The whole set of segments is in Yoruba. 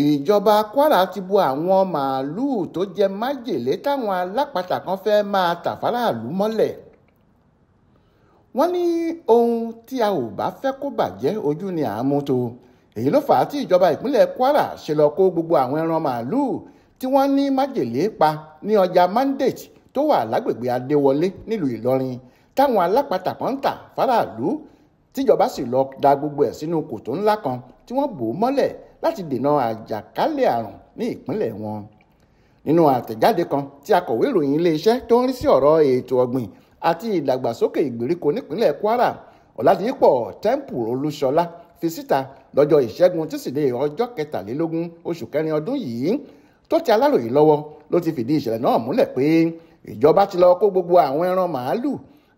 ìjọba kwara ti bu àwọn màálùú tó jẹ májèlé táwọn alápatà kan fẹ́ máa tà fáráàlú mọ́lẹ̀ wọ́n ní ohun tí a ò bá fẹ́ kó bàjẹ́ ojú ni à ń mú tó èyí ló fà á tí ìjọba ìpínlẹ̀ kwara ṣe lọ kó gbogbo àwọn ẹran màálùú tí wọ́n ní májèlé pa ní ọjà mandate tó wà lágbègbè adéwọlé nílùú ìlọrin táwọn alápatà kan ń tà fáráàlú tíjọba sì lọ da gbogbo ẹ̀ sínú kòtò ńlá kan tí wọ́n bò ó mọ́lẹ̀ láti dènà àjàkálẹ̀ àrùn ní ìpínlẹ̀ wọn nínú àtẹ̀jáde kan tí akọ̀wé ìròyìn iléeṣẹ́ tó ń rí sí ọ̀rọ̀ ètò ọ̀gbìn àti ìdàgbàsókè ìgbèríko nípínlẹ̀ Kwara Ọ̀làdìpọ̀ Temple Olúṣọlá fi síta lọ́jọ́ ìṣẹ́gun tísídẹ̀ẹ́ ọjọ́ kẹtàlélógún oṣù kẹrin ọdún yìí tó ti aláròyé lọ́wọ́ ló ti fìdí ìṣẹ̀lẹ̀ náà múlẹ̀ pé ìjọba ti lọ kó gbogbo àwọn ẹran màálù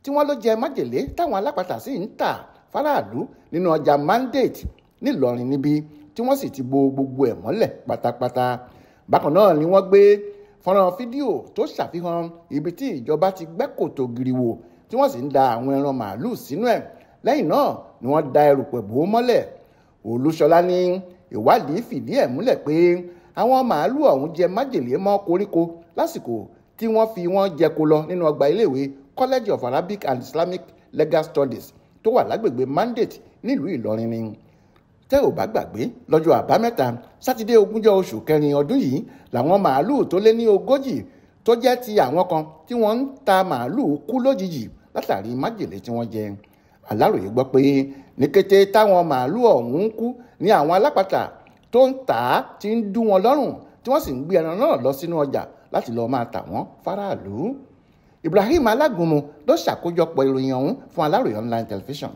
tí wọ́n ló jẹ májèlé táwọn alápatà sì ń tà fáráàlú nínú ọjà mandate nílọrin níbí tí wọ́n sì ti bo gbogbo ẹ̀ mọ́lẹ̀ pátápátá bákan náà ni wọ́n gbé fọ́nrán fídíò tó ṣàfihàn ibi tí ìjọba ti gbẹ́ kòtò giriwo tí wọ́n sì ń da àwọn ẹran màálù sínú ẹ̀ lẹ́yìn náà ni wọ́n da erùpẹ̀ bò ó mọ́lẹ̀ olúṣọlá ní ìwádìí fìdí ẹ̀ múlẹ̀ pé àwọn màálù ọ̀hún jẹ májèlé mọ́ koríko lásìkò tí wọ́n fi wọ́n jẹko lọ nínú ọgbà iléèwé college of arabic and islamic legal studies tó wà lágbègbè mandate nílùú ìlọrin ni tẹ́ ò bá gbàgbé lọ́jọ́ àbámẹ́ta sátidé ogúnjọ́ oṣù kẹrin ọdún yìí làwọn màálùú tó lé ní ogójì tó jẹ́ ti àwọn kan tí wọ́n ń ta màálùú kú lójijì látàrí májèlé tí wọ́n jẹ aláròye gbọ́ pé ní kété táwọn màálùú ọ̀hún ń kú ni àwọn alápàtà tó ń tà á ti ń dú wọn lọ́rùn tí wọ́n sì ń gbé ẹran náà lọ sínú ọjà láti lọ́ọ́ máa tà wọ́n fáráàlú Ibrahim Alágúnmu ló ṣàkójọpọ̀ ìròyìn ọ̀hún fún Aláròye online television